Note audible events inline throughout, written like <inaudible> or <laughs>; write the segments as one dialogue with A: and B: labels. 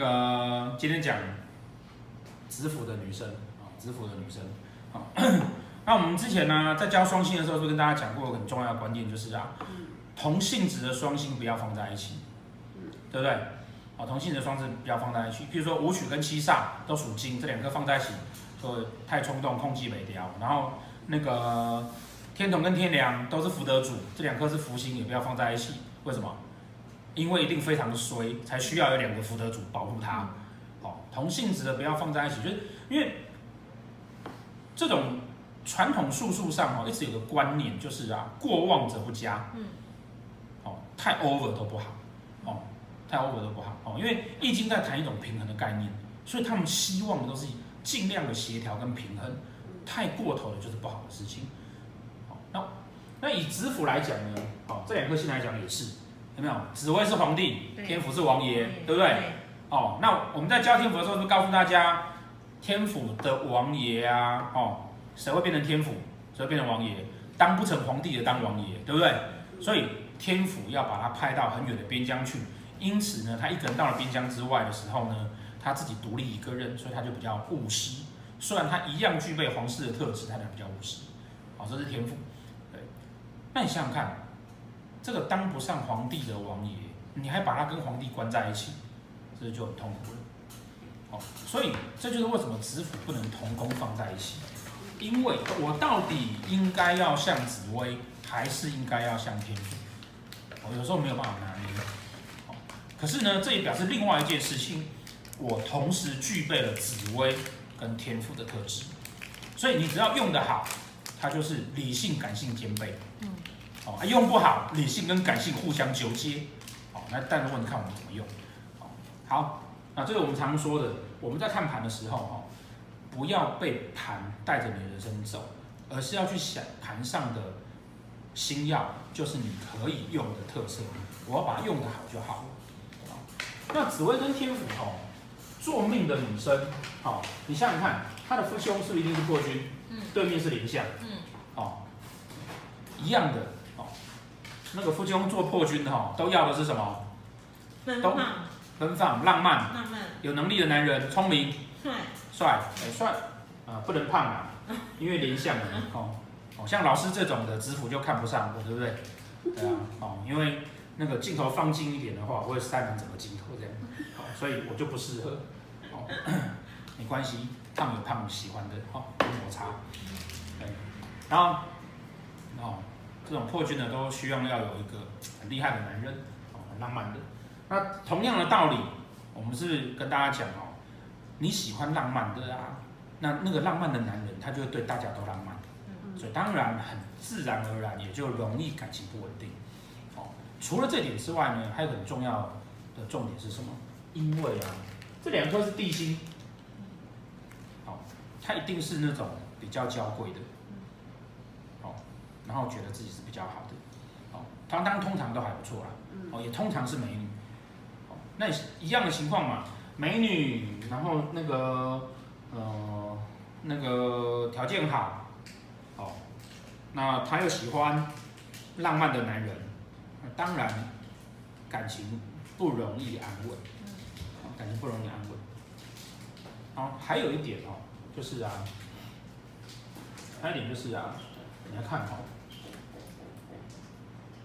A: 呃，今天講紫府的女生啊，紫府的女生。啊， <coughs> 那我們之前呢，在教雙星的時候，就跟大家講過很重要的觀念，就是啊，同性質的雙星不要放在一起，對不對？好，同性質的雙星不要放在一起。比如說武曲跟七煞都屬金，這兩個放在一起就會太衝動、空氣沒掉。然後那個天同跟天梁都是福德主，這兩顆是福星，也不要放在一起。為什麼？因為一定非常的衰，才需要有兩個福德主保護它。哦，同性質的不要放在一起，就是因為這種傳統術數上哦，一直有一個觀念，就是啊，過旺者不佳。哦，太 over 都不好。哦，太 over 都不好。哦，因為易經在談一種平衡的概念，所以他們希望的都是盡量的協調跟平衡，太過頭的就是不好的事情。哦，那那以紫府來講呢？哦，這兩顆星來講也是。有沒有？紫微是皇帝，天府是王爺，對不對，對？哦，那我們在教天府的時候，就告訴大家，天府的王爺啊，哦，誰會變成天府？誰會變成王爺？當不成皇帝的當王爺，對不對，對？所以天府要把他派到很遠的邊疆去。因此呢，他一個人到了邊疆之外的時候呢，他自己獨立一個人，所以他就比較務實。雖然他一樣具備皇室的特質，但他就比較務實。好、哦，這是天府。對，那你想想看。這個當不上皇帝的王爺，你還把他跟皇帝關在一起，這就很痛苦了。好，所以這就是為什麼紫府不能同宮放在一起，因為我到底應該要像紫微，還是應該要像天府哦，我有時候沒有辦法拿捏。好，可是呢，這也表示另外一件事情，我同時具備了紫微跟天府的特質，所以你只要用得好，它就是理性感性兼備。嗯啊，用不好，理性跟感性互相糾結，哦，喔，來，但的問，看我們怎麼用，哦，喔，好，那這是我們常說的，我們在看盤的時候，哦，喔，不要被盤帶着你的人生走，而是要去想盤上的星曜就是你可以用的特色，我要把它用的好就好了，喔。那紫微跟天府，哦，喔，做命的女生，哦，喔，你想想看，她的夫妻宮是，是一定是破軍，嗯，對面是廉相，哦，嗯喔，一樣的。那個夫妻宮做破軍哈，都要的是什麼？奔
B: 放、
A: 奔放、浪漫、浪漫，有能力的男人，聰明、帥、帥、帥、欸，啊、呃，不能胖啊、嗯，因為臉像你哦。哦，像老師這種的紫府就看不上我，對不對？對啊。哦，因為那個鏡頭放近一點的話，會塞滿整個鏡頭這樣，好、哦，所以我就不適合。哦，沒關係，胖有胖喜歡的，哦，抹茶，對，然後，哦。這種破軍呢，都需要要有一個很厲害的男人，哦，很浪漫的。那同樣的道理，我們是跟大家講哦，你喜歡浪漫的啊，那那個浪漫的男人，他就會對大家都浪漫，所以當然很自然而然，也就容易感情不穩定。哦，除了這點之外呢，還有很重要的重點是什麼？因為啊，這兩顆是帝星。哦，它一定是那種比較嬌貴的。然後覺得自己是比較好的，哦，當當通常都還不錯啦，哦，也通常是美女，哦，那一樣的情況嘛，美女，然後那個，呃，那個條件好，哦，那她又喜歡浪漫的男人，當然感情不容易安穩，哦，感情不容易安穩，哦，還有一點哦，就是啊，還有一點就是啊，你要看好，哦。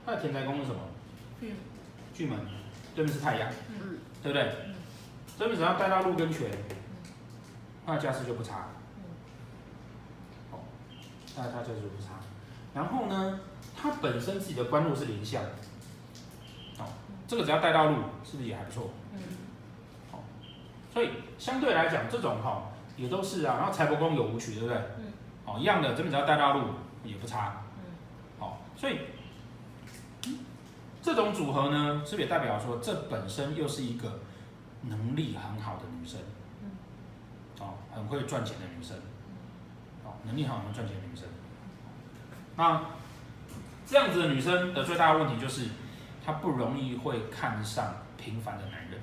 A: 那田宅宮是什麼？巨門對面是太陽，嗯，對不對？嗯，這邊只要帶到祿跟權，那架勢就不差。嗯，那他架勢就不差。然後呢，他本身自己的官祿是廉相，哦，喔，這個只要帶到祿，是不是也還不錯？好，嗯喔，所以相對來講，這種哈，喔，也都是啊。然後財帛宮有武曲，對不對？哦，嗯喔，一樣的，這邊只要帶到祿也不差。好，嗯喔，所以。這種組合呢，是不是也代表說這本身又是一個能力很好的女生？哦，很會賺錢的女生，哦，能力好、能賺錢的女生。那這樣子的女生的最大的問題就是，她不容易會看上平凡的男人。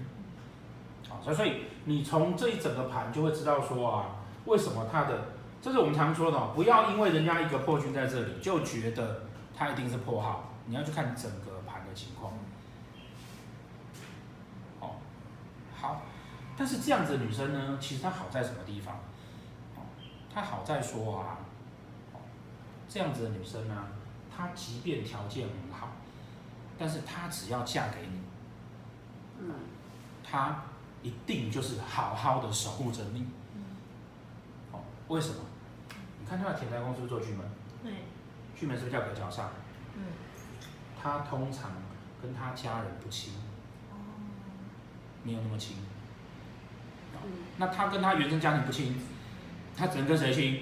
A: 好，所以所以你從這一整個盤就會知道說啊，為什麼她的，這是我們常說的，不要因為人家一個破軍在這裡就覺得她一定是破耗，你要去看整個情況，好、哦，好，但是這樣子的女生呢，其實她好在什麼地方？哦、她好在說啊，哦，這樣子的女生呢、啊，她即便條件很好，但是她只要嫁給你，嗯、她一定就是好好的守護着你、嗯。哦，為什麼？你看她的田宅宮是不是坐巨門？巨門是不是叫隔角煞？嗯他通常跟他家人不親，沒有那麼親。嗯。那他跟他原生家庭不親，他只能跟誰親？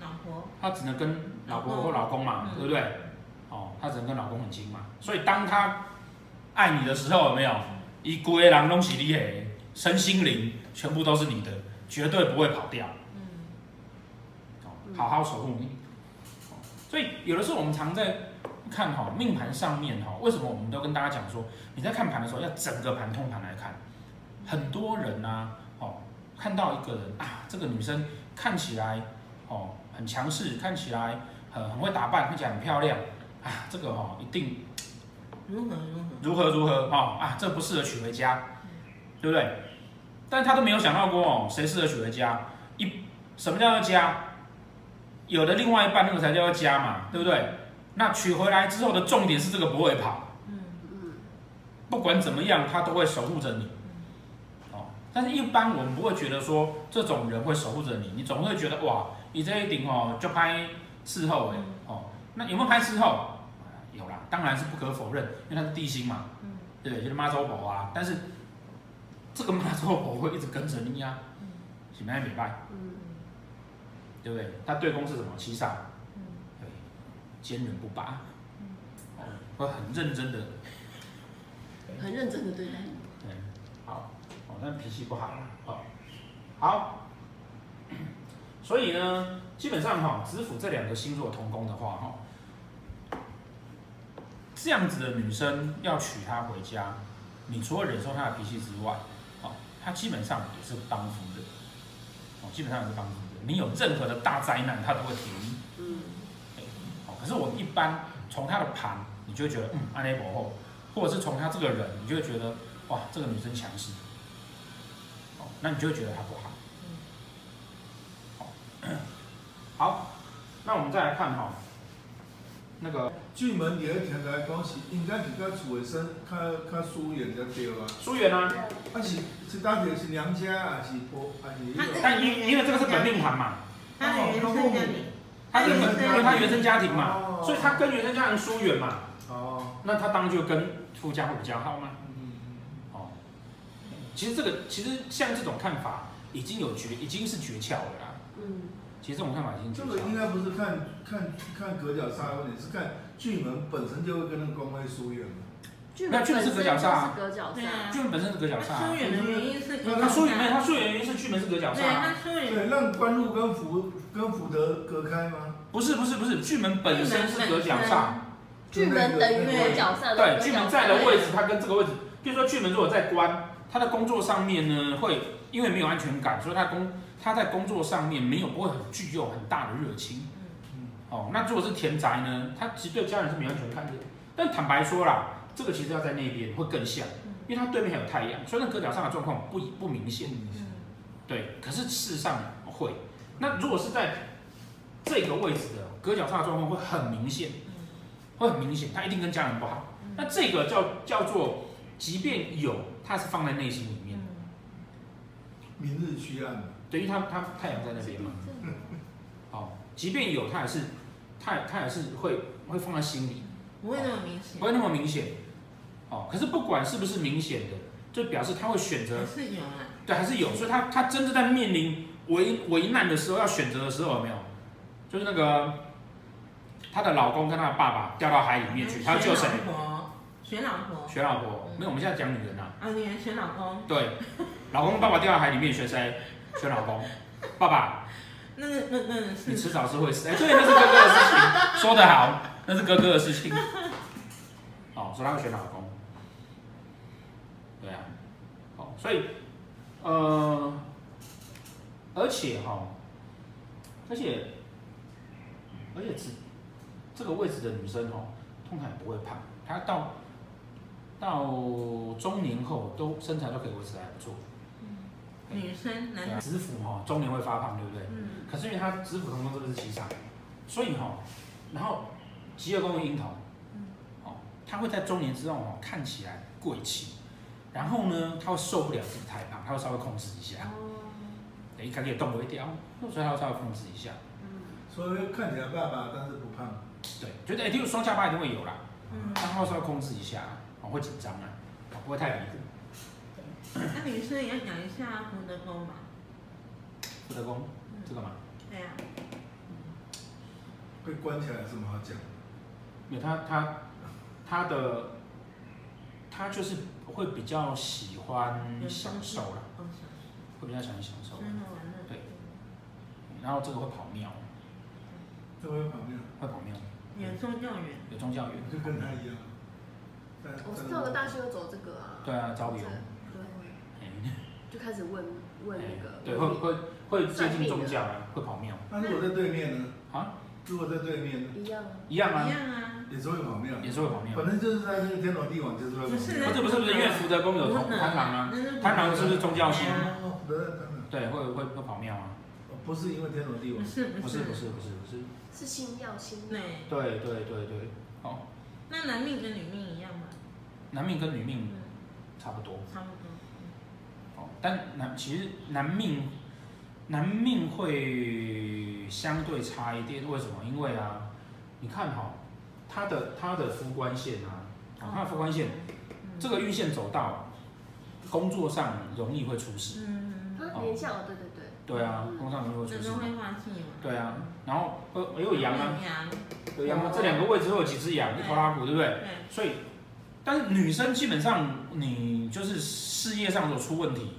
A: 老婆。他只能跟老婆或老公嘛，對不對？哦，他只能跟老公很親嘛。所以當他愛你的時候，有沒有，他整個人都是你的，身心靈全部都是你的，絕對不會跑掉。好好守護你。所以有的時候我們常在看好命盤上面哈，為什麼我們都跟大家講說，你在看盤的時候要整個盤通盤來看。很多人吶，哦，看到一個人啊，這個女生看起來哦很強勢，看起來很會打扮，看起來很漂亮啊，這個哦，一定如何如何如何如何哦，啊，這不適合娶回家，對不對？但他都沒有想到過哦，誰適合娶回家？一什麼叫做家？有的另外一半那個才叫做家嘛，對不對？那取回來之後的重點是這個不會跑，不管怎麼樣，他都會守護着你，哦。但是一般我們不會覺得說，這種人會守護着你，你總會覺得哇，你這一頂哦就拍伺候哎，哦，那有沒有拍伺候？有啦，當然是不可否認，因為它是地心嘛，對、嗯、對？就是媽祖婆啊，但是這個媽祖婆會一直跟着你啊，行行嗯，喜來美敗，對不對？它對宮是什麼？七殺。堅韌不拔、
B: 嗯，
A: 會很認真的，很認真的對待你，對。好，哦，但脾氣不好啊、哦。好，所以呢，基本上哈，紫、哦、府這兩個星座同宮的話哈、哦，這樣子的女生要娶她回家，你除了忍受她的脾氣之外，哦，她基本上也是幫夫的，哦，基本上也是幫夫的，你有任何的大災難，她都會挺你。可是我一般從他的盤，你就會覺得嗯安 n a b 後，或者是從他這個人，你就會覺得哇，這個女生強勢、哦，那你就會覺得她不好、哦呵呵。好，
B: 那
A: 我們再來看哈、哦，那個巨門底下來講是，應該是跟處的深，較較疏遠一點啊。疏遠啊，還是是到底是娘家，還是婆還是、那個、但因為因為這個是本命盤嘛，當地的父母。
B: 他就是因為他原生家庭嘛、哦，所以他
A: 跟原生家庭疏遠嘛、哦，那他當然就跟夫家會比較好嘛嗯。嗯，哦，其實這個其實像這種看法已經有訣，已經是訣竅了啦。嗯，其實這種看法已經。這個應該不是看看看隔角煞的問題，是看巨門本身就會跟那個公微疏遠嘛。
B: 巨門是隔角煞，巨是隔角煞，巨門本身是隔角煞。它，疏遠的原因是，它疏遠，它疏遠原因是巨門是隔角煞。對，對，讓
A: 官祿跟福跟福德隔開嗎？不是不是不是，巨門本身是隔角煞、啊啊嗯。巨門、啊、對門、嗯啊，那個那個、在的位置，它、那個那個、跟這個位置，比如說巨門如果在官，他的工作上面呢，會因為沒有安全感，所以他工，他在工作上面沒有不會很具有很大的熱情、嗯嗯。哦，那如果是田宅呢？他其實對家人是沒安全感的、嗯。但坦白說啦。這個其實要在那邊會更像，因為它對面還有太陽，所以那隔角煞的狀況不不明顯。對，可是事實上會。那如果是在這個位置的隔角煞的狀況會很明顯，會很明顯，它一定跟家人不好。那這個叫叫做，即便有，它是放在內心裡面。明日驅暗，等於他他太陽在那邊嘛。好，即便有，他也是，他也他也是會會放在心裡，不會那麼明顯，不會那麼明顯。哦，可是不管是不是明顯的，就表示他會選擇，是有啊？對，還是有。所以他他真的在面臨危危難的時候要選擇的時候有沒有？就是那個他的老公跟他的爸爸掉到海裡面去，他要救誰？選老婆，選老婆。選老婆、嗯，沒有？我們現在講女人啊。啊，女
B: 人選老公。
A: 對，老公爸爸掉到海裡面選誰？選老公， <laughs> 爸爸。那個、那個是、那是你遲早是會死、欸。對，那是哥哥的事情。 <laughs> 說得好，那是哥哥的事情。 <laughs> 哦、所以他會選老公。所以，呃，而且哈、哦，而且，而且，紫這個位置的女生哦，通常也不會胖，她到到中年後都身材都可以維持還不錯、嗯。女
B: 生，男生，男、啊，紫府哈，
A: 中年會發胖，對不對？嗯、可是因為她紫府通常都是職場，所以哈、哦，然後極樂宮的櫻桃，哦，她會在中年之後、哦、看起來貴氣。然後呢，他會受不了自己太胖，他會稍微控制一下。哦。等一開練動作會掉，所以他會稍微控制一下。所以看起來爸爸但是不胖。對，覺得哎，有雙下巴一定會有啦。
B: 嗯。但
A: 還是要控制一下，哦，會緊張啊，不會太離譜。那女生也要講一
B: 下福德宮嘛。
A: 福德宮，這幹、個、嘛？對呀、啊。被、嗯、關起來有什麼好講？因為他他他的。他就是會比較喜歡享受啦，會比較喜歡享受。然後這個會跑廟。這個會跑廟。會跑廟、嗯、有宗教緣、嗯、有宗教緣跟他一樣。我是這個大學要走這個啊。對啊，招兵。對。就開始問問那個。對，會會會接近宗教啊，會跑廟、嗯啊。那如果在對面呢？啊？如果在對面呢？一樣。一樣啊。一樣啊。也是會跑廟，也是會跑廟。反正就是在這個天羅地網，就是會跑廟、啊。不是不是不是，因為福德宮有同。貪、啊、狼啊，貪狼是不是宗教星？福德貪狼。對，會會會跑廟嗎、啊？不是因為天羅地網，不是不是不是 <laughs> 不是。
B: 是信教星。對
A: 對對對對，哦。
B: 那男命跟
A: 女命一樣嗎？男命跟女命差不多。嗯、差不多。哦、嗯，但男其實男命男命會相對差一點，為什麼？因為啊，你看哈。他的他的夫官線啊，啊、哦，他的夫官線，嗯、這個運線走到工作上容易會出事。嗯，他天對啊，嗯、工作上容易會出事。女生會花錢哦。嗯、對啊，然後呃也有、哎、羊啊，有羊啊，這兩個位置會有幾只羊，就拖拉庫，對不對？對所以，但是女生基本上你就是事業上如果出問題，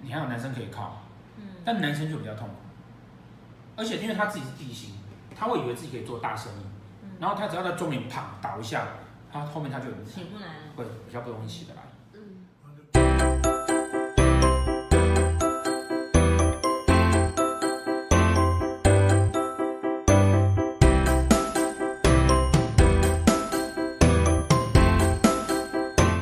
A: 你還有男生可以靠。嗯、但男生就比較痛苦，而且因為他自己是帝星，他會以為自己可以做大生意。然後他只要在桌面啪倒一下，他後，後面他就起不來了，會比較不容易起的啦。